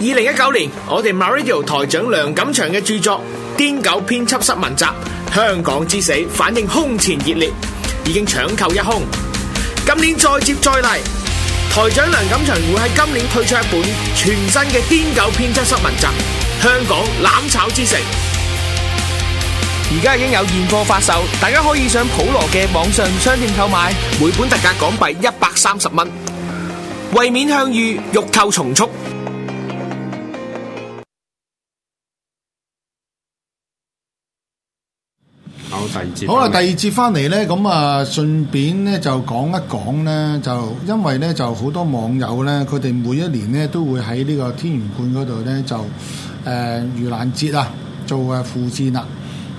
二零一九年，我哋 MyRadio 台長梁錦祥嘅著作《癲狗編輯室文集》香港之死反應空前熱烈，已經搶購一空。今年再接再厲，台長梁錦祥會喺今年推出一本全新嘅《癲狗編輯室文集》——香港攬炒之城。而家已經有現貨發售，大家可以上普羅嘅網上商店購買，每本特價港幣一百三十蚊。為免向隅，欲購從速。好啦，第二節翻嚟咧，咁啊，順便咧就講一講咧，就因為咧就好多網友咧，佢哋每一年咧都會喺呢個天元觀嗰度咧就誒盂、呃、蘭節啊，做誒附薦啊，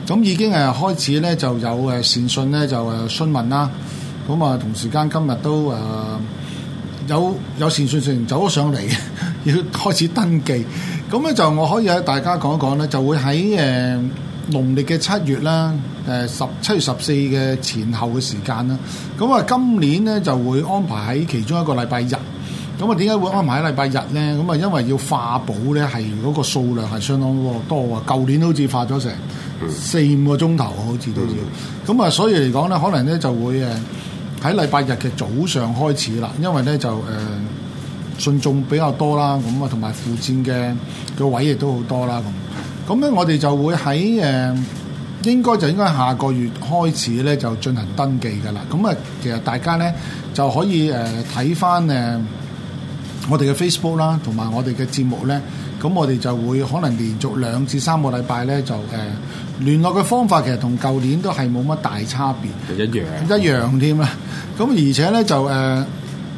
咁已經誒開始咧就有誒善信咧就誒、啊、詢問啦，咁啊同時間今日都誒、啊、有有善信線走咗上嚟， 要開始登記，咁咧就我可以喺大家講一講咧，就會喺誒。啊農曆嘅七月啦，誒十七月十四嘅前後嘅時間啦，咁啊今年咧就會安排喺其中一個禮拜日。咁啊點解會安排喺禮拜日咧？咁啊因為要化寶咧係嗰個數量係相當多啊！舊年好似化咗成四五個鐘頭，mm hmm. 好似都要。咁啊所以嚟講咧，可能咧就會誒喺禮拜日嘅早上開始啦，因為咧就誒信眾比較多啦，咁啊同埋附薦嘅個位亦都好多啦咁。咁咧，我哋就會喺誒、呃，應該就應該下個月開始咧，就進行登記噶啦。咁、嗯、啊，其實大家咧就可以誒睇返誒我哋嘅 Facebook 啦，同埋我哋嘅節目咧。咁、嗯、我哋就會可能連續兩至三個禮拜咧，就誒聯、呃、絡嘅方法其實同舊年都係冇乜大差別，一樣、啊、一樣添啦。咁、嗯、而且咧就誒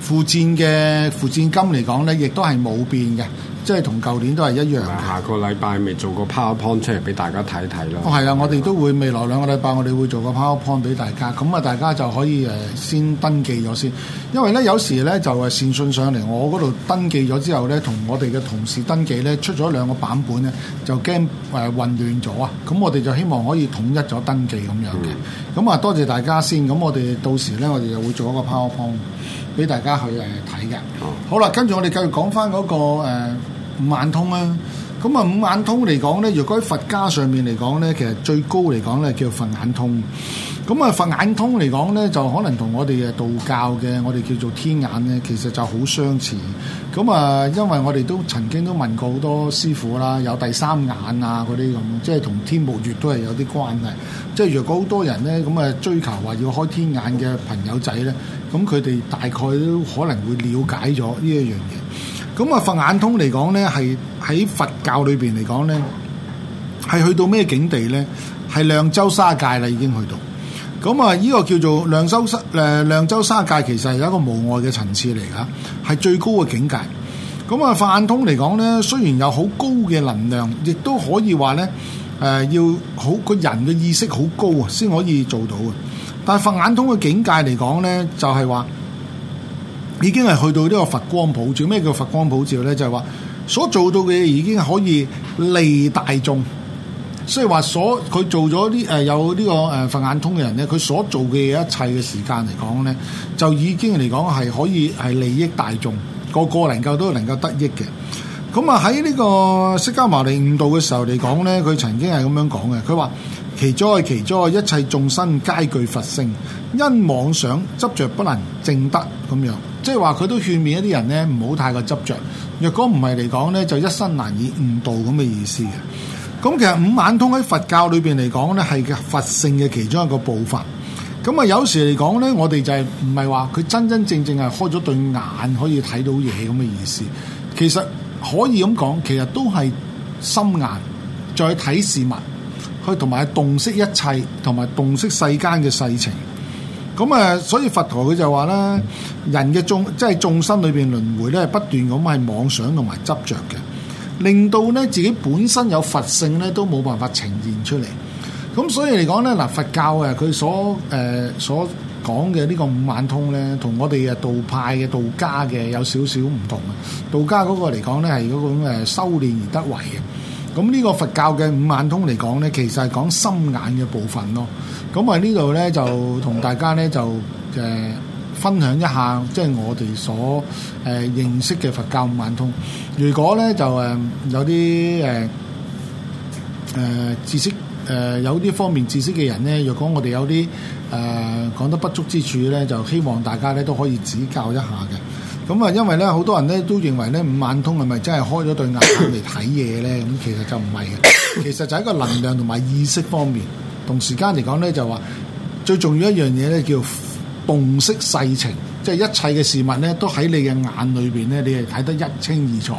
附薦嘅附薦金嚟講咧，亦都係冇變嘅。即係同舊年都係一樣。下個禮拜未做個 powerpoint 出嚟俾大家睇睇囉。哦，係啊，吧我哋都會未來兩個禮拜，我哋會做個 powerpoint 俾大家，咁啊，大家就可以誒先登記咗先。因為咧，有時咧就誒善信上嚟，我嗰度登記咗之後咧，同我哋嘅同事登記咧出咗兩個版本咧，就驚誒、呃、混亂咗啊。咁我哋就希望可以統一咗登記咁樣嘅。咁啊、嗯，多謝大家先。咁我哋到時咧，我哋就會做一個 powerpoint 俾大家去誒睇嘅。呃嗯、好啦，跟住我哋繼續講翻嗰個、呃呃五眼通啊！咁、嗯、啊，五眼通嚟講咧，若果喺佛家上面嚟講咧，其實最高嚟講咧叫佛眼通。咁、嗯、啊，佛眼通嚟講咧，就可能同我哋嘅道教嘅我哋叫做天眼咧，其實就好相似。咁、嗯、啊，因為我哋都曾經都問過好多師傅啦，有第三眼啊嗰啲咁，即係同天目月都係有啲關係。即係若果好多人咧咁啊，追求話要開天眼嘅朋友仔咧，咁佢哋大概都可能會了解咗呢一樣嘢。咁啊，佛眼通嚟講咧，係喺佛教裏邊嚟講咧，係去到咩境地咧？係量周沙界啦，已經去到。咁啊，呢個叫做量周沙誒，量周沙界，其實係一個無礙嘅層次嚟噶係最高嘅境界。咁啊，佛眼通嚟講咧，雖然有好高嘅能量，亦都可以話咧誒，要好個人嘅意識好高啊，先可以做到嘅。但係佛眼通嘅境界嚟講咧，就係話。已經係去到呢個佛光普照。咩叫佛光普照呢？就係話所做到嘅已經可以利大眾，所以話所佢做咗啲誒有呢個誒呃佛眼通嘅人呢，佢所做嘅一切嘅時間嚟講呢就已經嚟講係可以係利益大眾，個個能夠都能夠得益嘅。咁啊喺呢個釋迦牟尼悟道嘅時候嚟講呢，佢曾經係咁樣講嘅。佢話：奇哉奇哉，一切眾生皆具佛性，因妄想執着不能證得咁樣。即係話佢都勸勉一啲人咧，唔好太過執着。若果唔係嚟講咧，就一生難以悟道咁嘅意思嘅。咁其實五眼通喺佛教裏邊嚟講咧，係嘅佛性嘅其中一個步伐。咁啊有時嚟講咧，我哋就係唔係話佢真真正正係開咗對眼可以睇到嘢咁嘅意思。其實可以咁講，其實都係心眼再睇事物，去同埋洞悉一切，同埋洞悉世間嘅世情。咁誒，所以佛陀佢就話咧，人嘅眾即係眾生裏邊輪迴咧，不斷咁係妄想同埋執著嘅，令到咧自己本身有佛性咧，都冇辦法呈現出嚟。咁所以嚟講咧，嗱，佛教嘅佢所誒所講嘅呢個五眼通咧，同我哋嘅道派嘅道家嘅有少少唔同啊。道家嗰個嚟講咧，係嗰種誒修練而得為嘅。咁呢個佛教嘅五眼通嚟講咧，其實係講心眼嘅部分咯。咁啊，呢度咧就同大家咧就誒、呃、分享一下，即係我哋所誒、呃、認識嘅佛教五眼通。如果咧就誒、呃、有啲誒誒知識誒、呃、有啲方面知識嘅人咧，若果我哋有啲誒、呃、講得不足之處咧，就希望大家咧都可以指教一下嘅。咁啊，因為咧好多人咧都認為咧五眼通係咪真係開咗對眼嚟睇嘢咧？咁 其實就唔係，其實就係個能量同埋意識方面。同時間嚟講咧，就話最重要一樣嘢咧，叫洞悉世情，即係一切嘅事物咧，都喺你嘅眼裏邊咧，你係睇得一清二楚。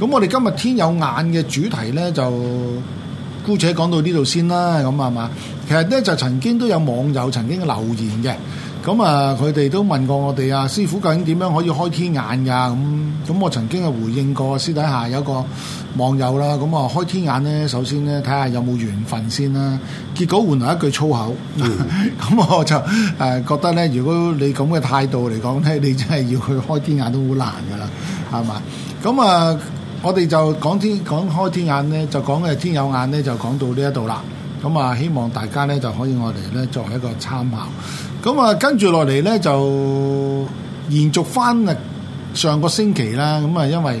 咁我哋今日天，天有眼嘅主題咧，就姑且講到呢度先啦。咁係嘛，其實咧就曾經都有網友曾經留言嘅。咁啊，佢哋都問過我哋啊，師傅究竟點樣可以開天眼噶？咁咁，我曾經啊回應過私底下有個網友啦。咁啊，開天眼呢，首先呢，睇下有冇緣分先啦。結果換來一句粗口，咁、嗯、 我就誒覺得呢，如果你咁嘅態度嚟講呢，你真係要去開天眼都好難噶啦，係嘛？咁啊，我哋就講天講開天眼呢，就講嘅天有眼呢，就講到呢一度啦。咁啊，希望大家呢，就可以我哋呢作為一個參考。咁啊，跟住落嚟咧就延續翻啊上個星期啦，咁啊，因為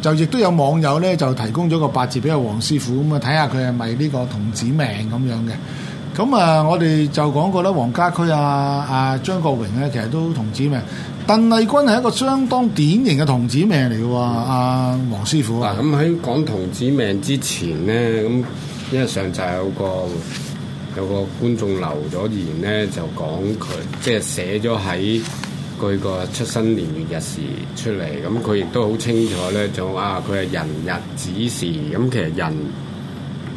就亦都有網友咧就提供咗個八字俾阿黃師傅，咁啊睇下佢係咪呢個童子命咁樣嘅。咁啊，我哋就講過啦，黃家駒啊啊張國榮咧，其實都童子命。鄧麗君係一個相當典型嘅童子命嚟嘅喎，阿黃、嗯啊、師傅。嗱、啊，咁喺講童子命之前咧，咁因為上集有個。有個觀眾留咗言咧，就講佢即係寫咗喺佢個出生年月日時出嚟。咁佢亦都好清楚咧，就啊佢係人日子時，咁、嗯、其實人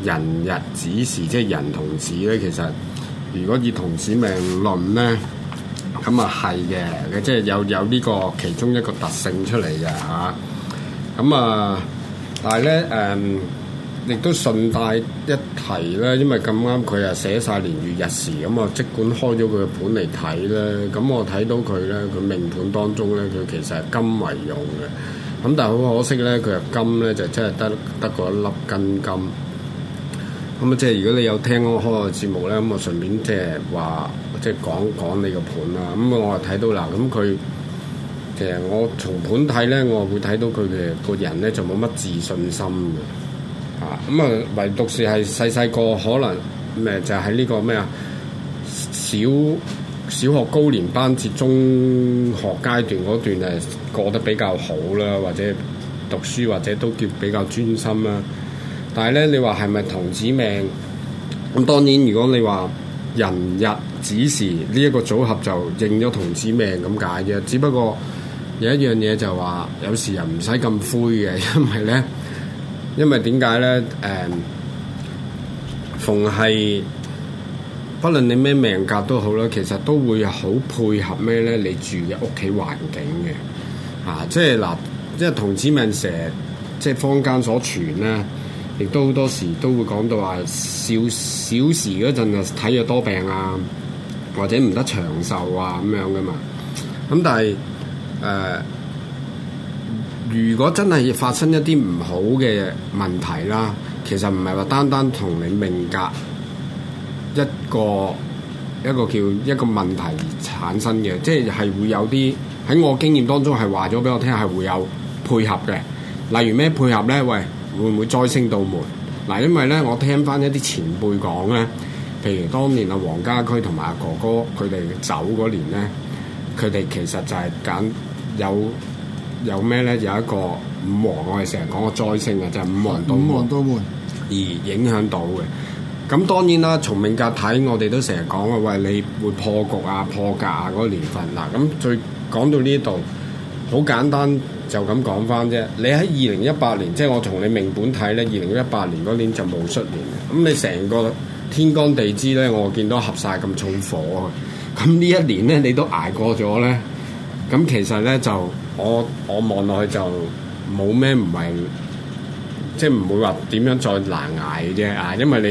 人日子時即係人同子咧，其實如果以童子命論咧，咁啊係嘅，你即係有有呢個其中一個特性出嚟嘅嚇，咁啊，但係咧誒。嗯亦都順帶一提咧，因為咁啱佢又寫晒年月日時，咁啊即管開咗佢嘅盤嚟睇咧，咁我睇到佢咧，佢命盤當中咧，佢其實係金為用嘅。咁但係好可惜咧，佢啊金咧就真係得得嗰一粒根金。咁啊，即係如果你有聽我開嘅節目咧，咁我順便即係話即係講講你個盤啦。咁我啊睇到嗱，咁佢其實我從盤睇咧，我會睇到佢嘅個人咧就冇乜自信心嘅。啊咁啊，唯獨是係細細個，可能咩就喺呢個咩啊小小學高年班至中學階段嗰段係過得比較好啦，或者讀書或者都叫比較專心啦。但係咧，你話係咪童子命？咁、嗯、當然，如果你話人日子時呢一個組合就認咗童子命咁解嘅。只不過有一樣嘢就話有時人唔使咁灰嘅，因為咧。因為點解咧？誒，逢、呃、係，不論你咩命格都好啦，其實都會好配合咩咧？你住嘅屋企環境嘅，嚇、啊，即係嗱、啊，即係童子命蛇，即係坊間所傳咧，亦都好多時都會講到話，少小，小時嗰陣啊，體弱多病啊，或者唔得長壽啊咁樣噶嘛。咁、啊、但係，誒、呃。如果真係要發生一啲唔好嘅問題啦，其實唔係話單單同你命格一個一個叫一個問題而產生嘅，即係係會有啲喺我經驗當中係話咗俾我聽係會有配合嘅。例如咩配合呢？喂，會唔會再升到門？嗱，因為呢，我聽翻一啲前輩講呢，譬如當年阿黃家駒同埋阿哥哥佢哋走嗰年呢，佢哋其實就係揀有。有咩咧？有一個五黃我哋成日講個災星啊，就係、是、五黃到門而影響到嘅。咁當然啦，從命格睇，我哋都成日講啊，喂，你會破局啊、破格啊嗰、那個、年份嗱。咁最講到呢度，好簡單就咁講翻啫。你喺二零一八年，即係我同你命本睇咧，二零一八年嗰年就冇出年。咁你成個天干地支咧，我見到合晒咁重火啊。咁呢一年咧，你都捱過咗咧。咁其實咧就～我我望落去就冇咩唔係，即係唔會話點樣再難挨嘅啫啊！因為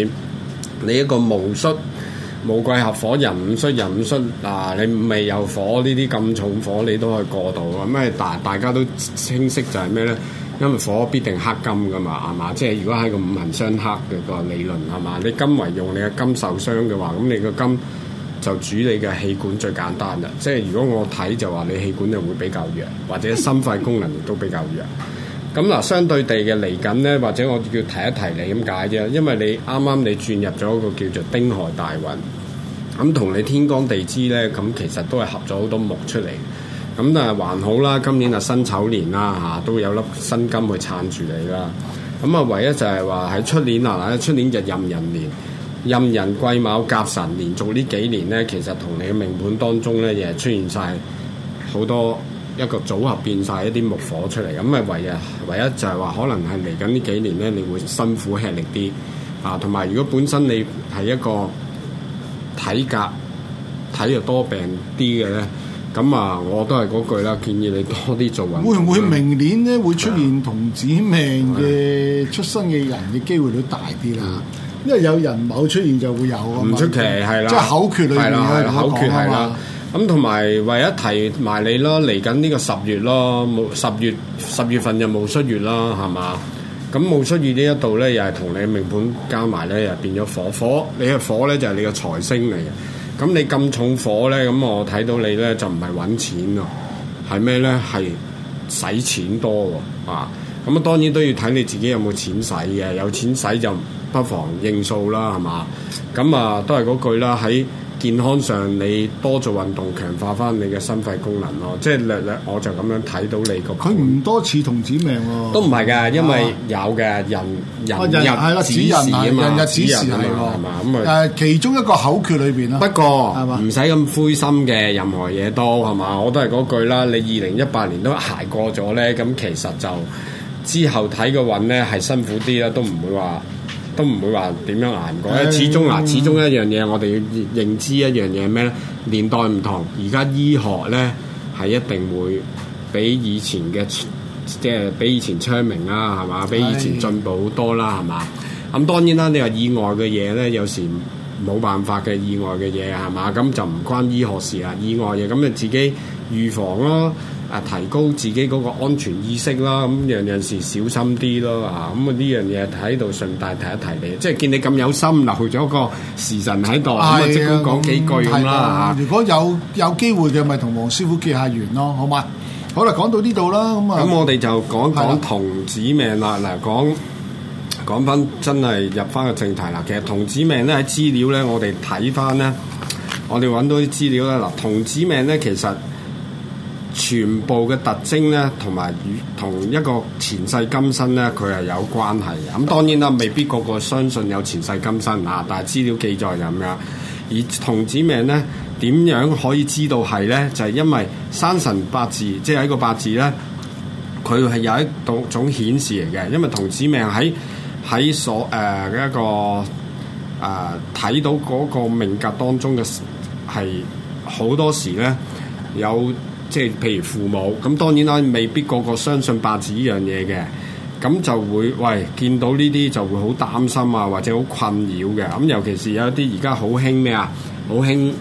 你你一個戊戌、戊癸合火，壬戌、壬戌啊，你未有火呢啲咁重火，你都可以過到。咁咩大大家都清晰就係咩咧？因為火必定克金噶嘛，係嘛？即係如果喺個五行相克嘅個理論係嘛？你金為用，你嘅金受傷嘅話，咁你個金。就主你嘅氣管最簡單啦，即係如果我睇就話你氣管就會比較弱，或者心肺功能亦都比較弱。咁嗱，相對地嘅嚟緊咧，或者我叫提一提你咁解啫，因為你啱啱你轉入咗一個叫做丁亥大運，咁同你天干地支咧，咁其實都係合咗好多木出嚟。咁但係還好啦，今年啊辛丑年啦嚇、啊，都有粒辛金去撐住你啦。咁啊唯一就係話喺出年啊，出年就壬寅年。任人貴，卯甲神，連續呢幾年咧，其實同你嘅命盤當中咧，亦係出現晒好多一個組合，變晒一啲木火出嚟。咁啊，唯啊，唯一就係話可能係嚟緊呢幾年咧，你會辛苦吃力啲啊。同埋，如果本身你係一個體格體弱多病啲嘅咧，咁啊，我都係嗰句啦，建議你多啲做運。會唔會明年咧會出現童子命嘅出生嘅人嘅機會都大啲啦？啊啊因為有人某出現就會有唔出奇係啦，即係口訣裏面去講係啦，咁同埋為一提埋你咯，嚟緊呢個十月咯，冇十月十月份就冇戌月啦，係嘛？咁冇戌月呢一度咧，又係同你命盤加埋咧，又變咗火火。你嘅火咧就係你嘅財星嚟嘅，咁你咁重火咧，咁我睇到你咧就唔係揾錢喎，係咩咧？係使錢多喎，啊！咁啊，當然都要睇你自己有冇錢使嘅，有錢使就。不妨應訴啦，係嘛？咁啊，都係嗰句啦。喺健康上，你多做運動，強化翻你嘅心肺功能咯。即係，我我就咁樣睇到你個。佢唔多似童子命喎、啊。都唔係㗎，吧因為有嘅人，人日子時啊嘛，人日子時啊嘛，係嘛？誒，其中一個口訣裏邊咯。不過唔使咁灰心嘅，任何嘢都係嘛。我都係嗰句啦。你二零一八年都挨過咗咧，咁其實就之後睇個運咧係辛苦啲啦，都唔會話。都唔會話點樣難過，始終嗱，始終、嗯、一樣嘢，我哋要認知一樣嘢係咩咧？年代唔同，而家醫學咧係一定會比以前嘅，即係比以前昌明啦、啊，係嘛？比以前進步好多啦，係嘛？咁、嗯、當然啦，你話意外嘅嘢咧，有時冇辦法嘅意外嘅嘢係嘛？咁就唔關醫學事啦，意外嘅，咁你自己預防咯。啊！提高自己嗰個安全意識啦，咁樣樣事小心啲咯，啊！咁啊呢樣嘢喺度順帶提一提你，即係見你咁有心嗱，去咗個時辰喺度咁啊，即管講幾句咁啦、嗯啊、如果有有機會嘅，咪同黃師傅結下緣咯，好嘛？好啦，講到呢度啦，咁、嗯、啊。咁我哋就講講童子命啦，嗱、啊，講講翻真係入翻個正題啦。其實童子命咧喺資料咧，我哋睇翻咧，我哋揾到啲資料咧，嗱，童子命咧其實。全部嘅特徵咧，同埋同一個前世今生咧，佢係有關係嘅。咁當然啦，未必個個相信有前世今生嗱，但係資料記載就咁樣。而童子命咧，點樣可以知道係咧？就係、是、因為生辰八字，即係喺個八字咧，佢係有一道種顯示嚟嘅。因為童子命喺喺所嘅、呃、一個啊睇、呃、到嗰個命格當中嘅係好多時咧有。即係譬如父母，咁當然啦，未必個個相信八字呢樣嘢嘅，咁就會喂見到呢啲就會好擔心啊，或者好困擾嘅。咁、嗯、尤其是有一啲而家好興咩啊，好興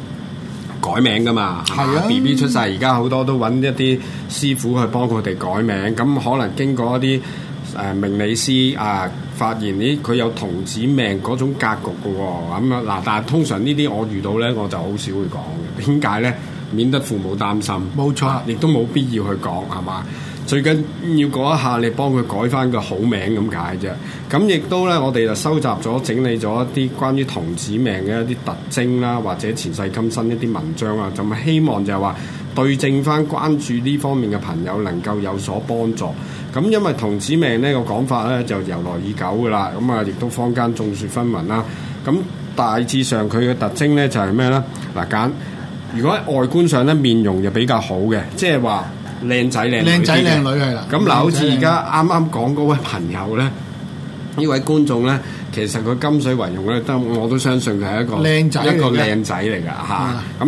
改名㗎嘛。係啊，B B 出世而家好多都搵一啲師傅去幫佢哋改名，咁、嗯、可能經過一啲誒命理師啊、呃，發現呢佢有童子命嗰種格局嘅喎、哦。咁、嗯、啊嗱，但係通常呢啲我遇到咧，我就好少會講嘅。點解咧？免得父母擔心，冇錯，亦都冇必要去講，係嘛？最緊要講一下，你幫佢改翻個好名咁解啫。咁亦都咧，我哋就收集咗、整理咗一啲關於童子命嘅一啲特徵啦，或者前世今生一啲文章啊，就咪、是、希望就係話對正翻關注呢方面嘅朋友能夠有所幫助。咁因為童子命呢個講法咧就由來已久噶啦，咁啊亦都坊間眾說紛紜啦。咁大致上佢嘅特徵咧就係咩咧？嗱，揀。如果喺外觀上咧，面容就比較好嘅，即係話靚仔靚女。靚仔靚女係啦。咁嗱，好似而家啱啱講嗰位朋友咧，呢位觀眾咧，其實佢金水為容咧，都我都相信佢係一個靚仔，一個靚仔嚟㗎嚇。咁、啊啊、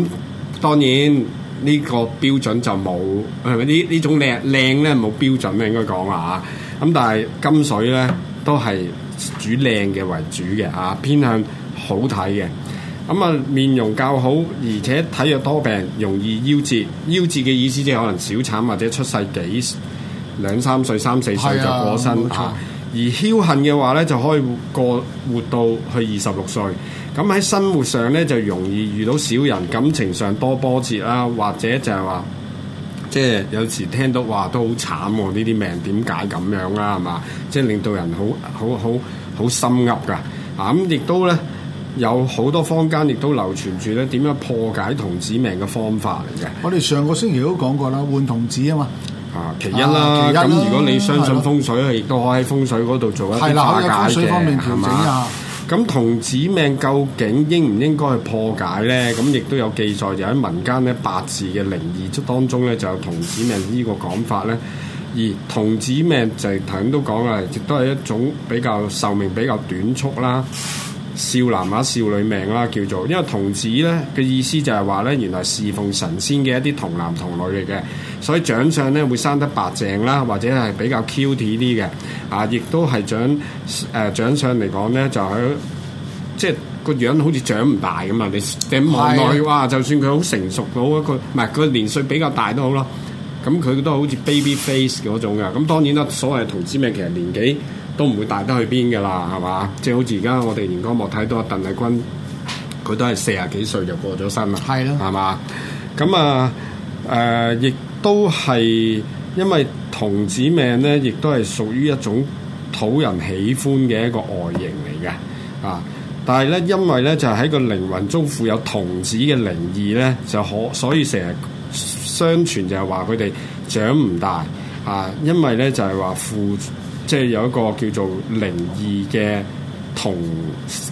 當然呢個標準就冇係咪呢？呢種靚靚咧冇標準咩？應該講啊。咁但係金水咧都係主靚嘅為主嘅啊，偏向好睇嘅。咁啊，面容較好，而且體弱多病，容易夭折。夭折嘅意思即係可能小產或者出世幾兩三歲、三四歲就過身啊。而僥倖嘅話咧，就可以過活到去二十六歲。咁喺生活上咧，就容易遇到小人，感情上多波折啦，或者就係話，即係有時聽到話都好慘喎，呢啲命點解咁樣啦？係嘛，即係令到人好好好好心噏㗎。啊，咁亦都咧。有好多坊間亦都流傳住咧，點樣破解童子命嘅方法嚟嘅。我哋上個星期都講過啦，換童子啊嘛。啊，其一啦。咁、啊、如果你相信風水，亦都、嗯、可以喺風水嗰度做一啲化解嘅，係嘛？咁童子命究竟應唔應該去破解咧？咁亦都有記載，就喺民間咧，八字嘅靈異出當中咧，就有童子命呢個講法咧。而童子命就係頭先都講啦，亦都係一種比較壽命比較短促啦。少男或、啊、少女命啦、啊，叫做，因為童子咧嘅意思就係話咧，原來侍奉神仙嘅一啲童男童女嚟嘅，所以長相咧會生得白淨啦，或者係比較 cute 啲嘅，啊，亦都係長誒長相嚟講咧就喺、是，即係個樣好似長唔大咁啊！你望落去是、啊、哇，就算佢好成熟到啊，佢，唔係佢年歲比較大好都好啦，咁佢都好似 baby face 嗰種噶，咁當然啦，所謂童子命其實年紀。都唔會大得去邊嘅啦，係嘛？即係好似而家我哋連江莫睇到鄧麗君，佢都係四十幾歲就過咗身啦。係咯的，係嘛？咁啊，誒、呃、亦都係因為童子命咧，亦都係屬於一種討人喜歡嘅一個外形嚟嘅啊。但係咧，因為咧就係、是、喺個靈魂中富有童子嘅靈異咧，就可所以成日相傳就係話佢哋長唔大啊。因為咧就係話富。即係有一個叫做靈異嘅同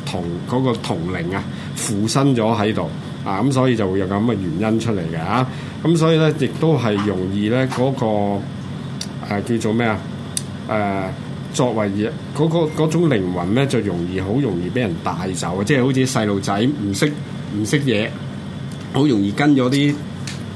同嗰、嗰個同靈啊附身咗喺度啊咁，所以就會有咁嘅原因出嚟嘅啊咁、啊，所以咧亦都係容易咧嗰、嗰個、啊、叫做咩啊誒、啊、作為嗰、嗰個嗰種靈魂咧，就容易好容易俾人帶走，即係好似細路仔唔識唔識嘢，好容易跟咗啲。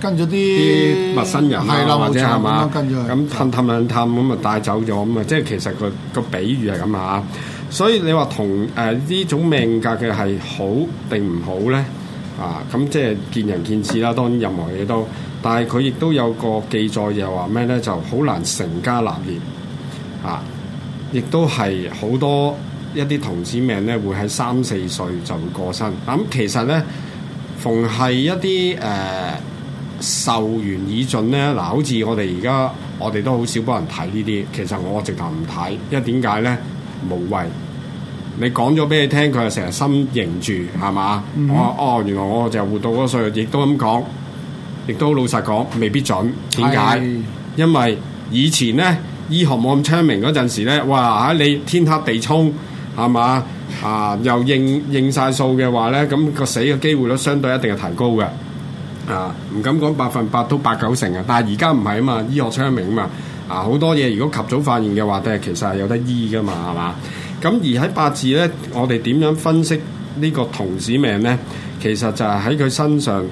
跟咗啲陌生人，或者係嘛？咁氹氹探咁啊，帶走咗咁啊，即係其實、嗰個 個比喻係咁嚇。所以你話同誒呢、呃、種命格嘅係好定唔好咧？啊，咁即係見仁見智啦。當然任何嘢都，但係佢亦都有個記載，又話咩咧？就好難成家立業啊！亦都係好多一啲童子命咧，會喺三四歲就會過身。咁、啊、其實咧，逢係一啲誒。呃壽緣已盡咧，嗱，好似我哋而家，我哋都好少幫人睇呢啲。其實我直頭唔睇，因為點解咧？無謂，你講咗俾你聽，佢就成日心凝住，係嘛？Mm hmm. 我哦，原來我就活到嗰歲，亦都咁講，亦都老實講，未必準。點解？Hey. 因為以前咧，醫學冇咁昌明嗰陣時咧，哇！吓你天剋地沖，係嘛？啊，又應應晒數嘅話咧，咁、嗰個死嘅機會率相對一定係提高嘅。啊！唔敢講百分百到八九成啊，但係而家唔係啊嘛，醫學昌明啊嘛，啊好多嘢如果及早發現嘅話咧，其實係有得醫㗎嘛，係嘛？咁、啊、而喺八字咧，我哋點樣分析呢個童子命咧？其實就係喺佢身上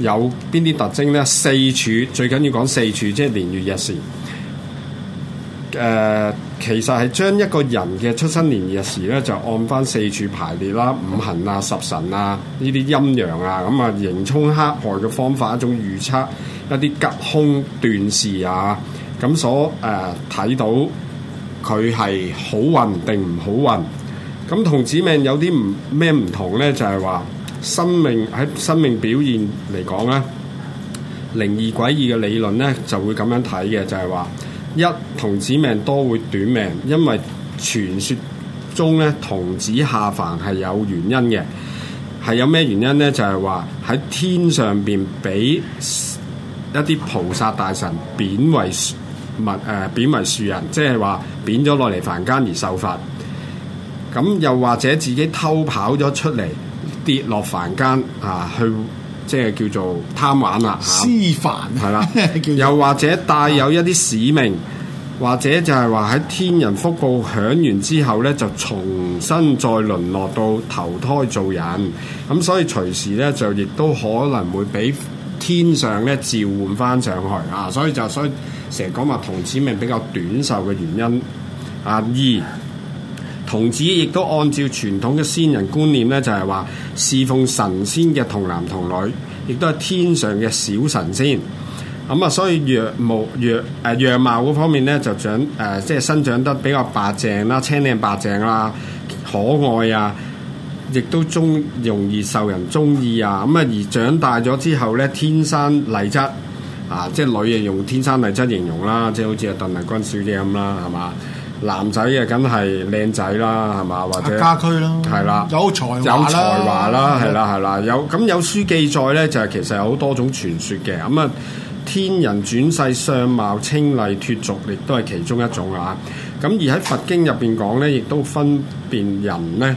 有邊啲特徵咧？四柱最緊要講四柱，即、就、係、是、年月日時。誒、呃。其實係將一個人嘅出生年月時咧，就按翻四柱排列啦、五行啊、十神啊呢啲陰陽啊，咁啊迎沖克害嘅方法一種預測一啲吉凶斷事啊，咁所誒睇、呃、到佢係好運定唔好運，咁同子命有啲唔咩唔同咧，就係、是、話生命喺生命表現嚟講咧，靈異詭異嘅理論咧就會咁樣睇嘅，就係、是、話。一童子命多會短命，因為傳說中咧童子下凡係有原因嘅，係有咩原因咧？就係話喺天上邊俾一啲菩薩大神貶為物誒、呃、貶為庶人，即係話貶咗落嚟凡間而受罰。咁又或者自己偷跑咗出嚟跌落凡間啊去。即係叫做貪玩啦，係啦，又或者帶有一啲使命， 或者就係話喺天人福報享完之後咧，就重新再淪落到投胎做人。咁所以隨時咧就亦都可能會俾天上咧召喚返上去啊！所以就所以成日講話童子命比較短壽嘅原因啊二。童子亦都按照傳統嘅先人觀念咧，就係話侍奉神仙嘅童男童女，亦都係天上嘅小神仙。咁、嗯、啊，所以樣、呃、貌、樣誒樣貌嗰方面咧，就長誒、呃、即係生長得比較白淨啦、青靚白淨啦、可愛啊，亦都中容易受人中意啊。咁、嗯、啊，而長大咗之後咧，天生麗質啊，即係女嘅用天生麗質形容啦，即係好似阿鄧麗君小姐咁啦，係嘛？男仔嘅梗係靚仔啦，係嘛或者，家區啦，係啦，吧有才有才華啦，係啦，係啦，有咁有書記載咧，就係、是、其實有好多種傳說嘅咁啊。天人轉世，相貌清麗脫俗，亦都係其中一種啊。咁、嗯、而喺佛經入邊講咧，亦都分辨人咧，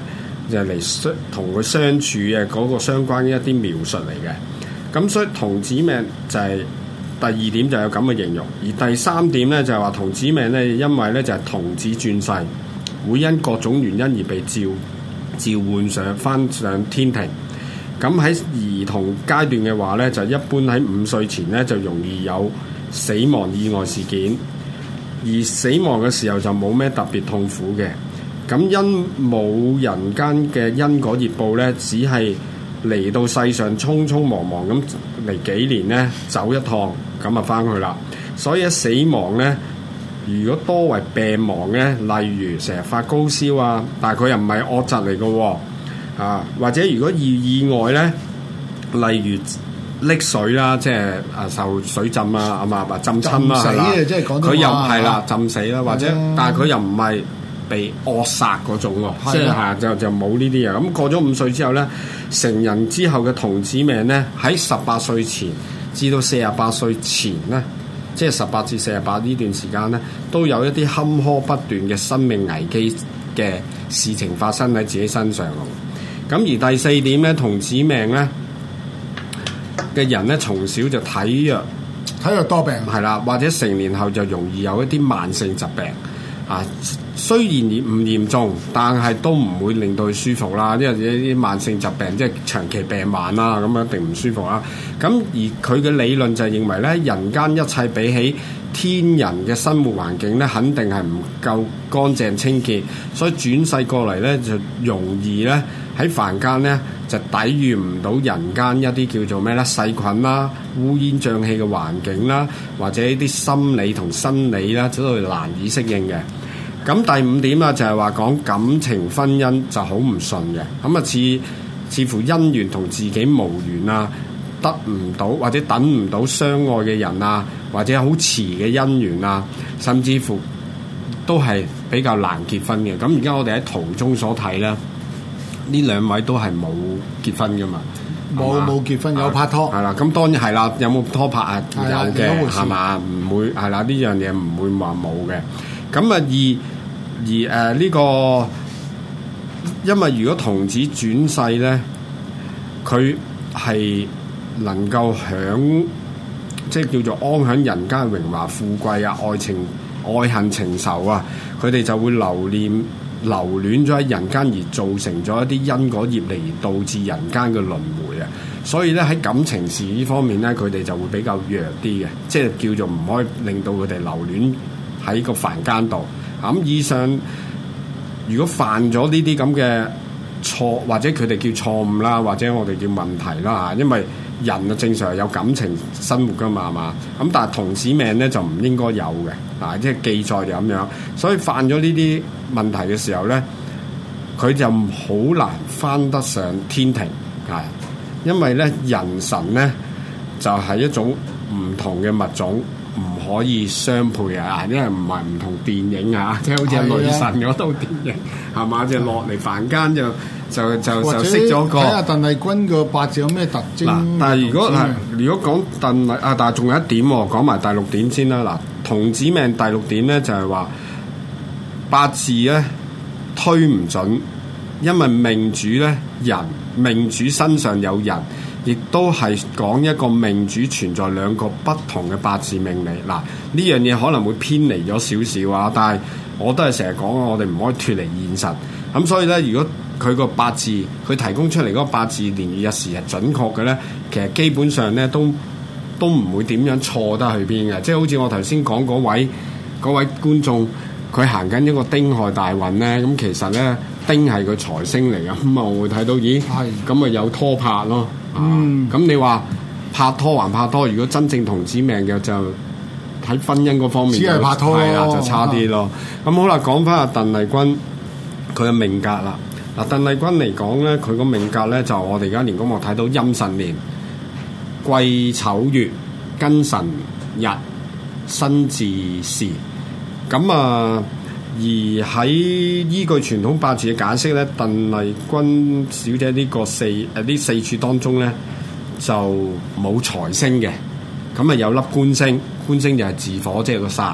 就係嚟同佢相處嘅嗰個相關嘅一啲描述嚟嘅。咁、嗯、所以童子命就係、是。第二點就有咁嘅形容，而第三點咧就係話童子命咧，因為咧就係童子轉世，會因各種原因而被召召喚上返上天庭。咁喺兒童階段嘅話咧，就一般喺五歲前咧就容易有死亡意外事件，而死亡嘅時候就冇咩特別痛苦嘅。咁因冇人間嘅因果業報咧，只係嚟到世上匆匆忙忙咁嚟幾年咧走一趟。咁啊，翻去啦。所以死亡咧，如果多為病亡咧，例如成日發高燒啊，但係佢又唔係惡疾嚟噶喎，啊或者如果遇意外咧，例如溺水啦、啊，即係啊受水浸啊，啊嘛啊浸親啦、啊、係啦，佢又係啦浸死啦、啊，或者、啊、但係佢又唔係被惡殺嗰種喎、啊，即係、啊、就是、就冇呢啲嘢。咁過咗五歲之後咧，成人之後嘅童子命咧，喺十八歲前。至到四十八歲前呢，即係十八至四十八呢段時間呢，都有一啲坎坷不斷嘅生命危機嘅事情發生喺自己身上嘅。咁而第四點呢，童子命呢嘅人呢，從小就體弱，體弱多病，係啦，或者成年後就容易有一啲慢性疾病啊。雖然唔嚴重，但係都唔會令到佢舒服啦。因為呢啲慢性疾病即係長期病患啦，咁一定唔舒服啦。咁而佢嘅理論就係認為咧，人間一切比起天人嘅生活環境咧，肯定係唔夠乾淨清潔，所以轉世過嚟咧就容易咧喺凡間咧就抵禦唔到人間一啲叫做咩咧細菌啦、啊、污煙瘴氣嘅環境啦、啊，或者啲心理同生理啦，都係難以適應嘅。咁第五點啊，就係話講感情婚姻就好唔順嘅，咁啊似似乎姻緣同自己無緣啊，得唔到或者等唔到相愛嘅人啊，或者好遲嘅姻緣啊，甚至乎都係比較難結婚嘅。咁而家我哋喺圖中所睇咧，呢兩位都係冇結婚㗎嘛，冇冇冇嘛結婚有拍拖，係啦、啊。咁當然係啦，有冇拖拍啊？的的有嘅係嘛，唔會係啦。呢樣嘢唔會話冇嘅。咁啊，而而誒呢個，因為如果童子轉世咧，佢係能夠享，即係叫做安享人間榮華富貴啊，愛情愛恨情仇啊，佢哋就會留念、留戀咗喺人間，而造成咗一啲因果業力，而導致人間嘅輪迴啊。所以咧喺感情事呢方面咧，佢哋就會比較弱啲嘅，即係叫做唔可以令到佢哋留戀。喺個凡間度，咁、嗯、以上如果犯咗呢啲咁嘅錯，或者佢哋叫錯誤啦，或者我哋叫問題啦吓、啊，因為人啊正常係有感情生活噶嘛，係、啊、嘛？咁但係童子命咧就唔應該有嘅，啊，即係記載就咁樣，所以犯咗呢啲問題嘅時候咧，佢就好難翻得上天庭，係，因為咧人神咧就係、是、一種唔同嘅物種。唔可以相配啊！因為唔係唔同電影啊，即係好似女神嗰套電影係嘛的，就落嚟凡間就者就就就識咗個睇下鄧麗君個八字有咩特徵。嗱，但係如果係如果講鄧麗啊，但係仲有一點，講埋第六點先啦。嗱，童子命第六點咧就係話八字咧推唔準，因為命主咧人，命主身上有人。亦都係講一個命主存在兩個不同嘅八字命理，嗱呢樣嘢可能會偏離咗少少啊，但係我都係成日講啊，我哋唔可以脫離現實。咁所以呢，如果佢個八字佢提供出嚟嗰個八字年月日時係準確嘅呢，其實基本上呢都都唔會點樣錯得去邊嘅。即係好似我頭先講嗰位嗰位觀眾，佢行緊一個丁亥大運呢，咁、嗯、其實呢。丁係個財星嚟噶，咁啊我會睇到，咦，咁咪有拖拍咯，咁、嗯啊、你話拍拖還拍拖？如果真正童子命嘅就睇婚姻嗰方面，只係拍拖係啊，就差啲咯。咁好啦，講翻阿鄧麗君佢嘅命格啦。嗱，鄧麗君嚟講咧，佢個命格咧就我哋而家年講我睇到壬辰年、癸丑月、庚申日、辛巳時，咁啊。而喺依據傳統八字嘅解釋咧，鄧麗君小姐呢個四誒呢四柱當中咧，就冇財星嘅，咁啊有粒官星，官星就係自火即係個煞，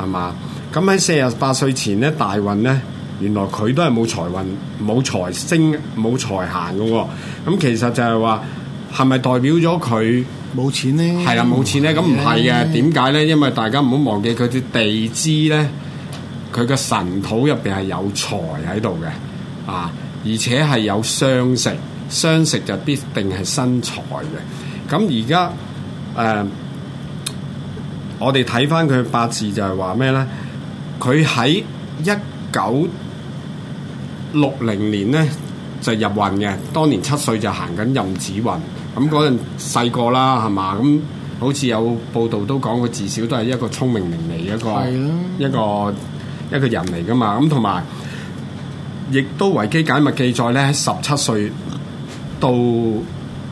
係嘛？咁喺四十八歲前咧大運咧，原來佢都係冇財運、冇財星、冇財行嘅喎。咁其實就係話係咪代表咗佢冇錢咧？係啦，冇錢咧。咁唔係嘅，點解咧？因為大家唔好忘記佢啲地支咧。佢嘅神土入邊係有財喺度嘅，啊，而且係有傷食，傷食就必定係身財嘅。咁而家，誒、呃，我哋睇翻佢八字就係話咩咧？佢喺一九六零年咧就是、入運嘅，當年七歲就行緊壬子運，咁嗰陣細個啦，係嘛？咁、嗯、好似有報道都講佢至少都係一個聰明伶俐一，的一個，一個。一個人嚟噶嘛，咁同埋亦都《維基解密》記載咧，十七歲到誒、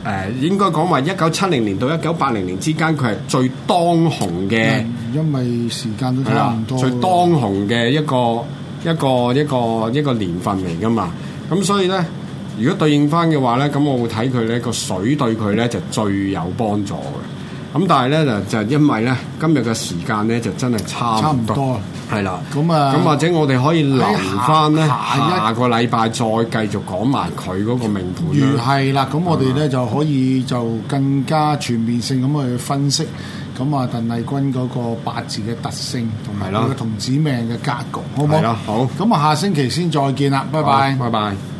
呃、應該講話一九七零年到一九八零年之間，佢係最當紅嘅，因為時間都差唔多、嗯，最當紅嘅一個一個一個一個年份嚟噶嘛。咁所以咧，如果對應翻嘅話咧，咁我會睇佢咧個水對佢咧就最有幫助嘅。咁但係咧就就因為咧今日嘅時間咧就真係差唔多係啦，咁啊咁或者我哋可以留翻咧下呢下一個禮拜再繼續講埋佢嗰個命盤。係啦，咁我哋咧啦就可以就更加全面性咁去分析，咁啊鄧麗君嗰個八字嘅特性同埋佢嘅童子命嘅格局，啦好唔好啦？好，咁啊下星期先再見啦，好拜拜，拜拜。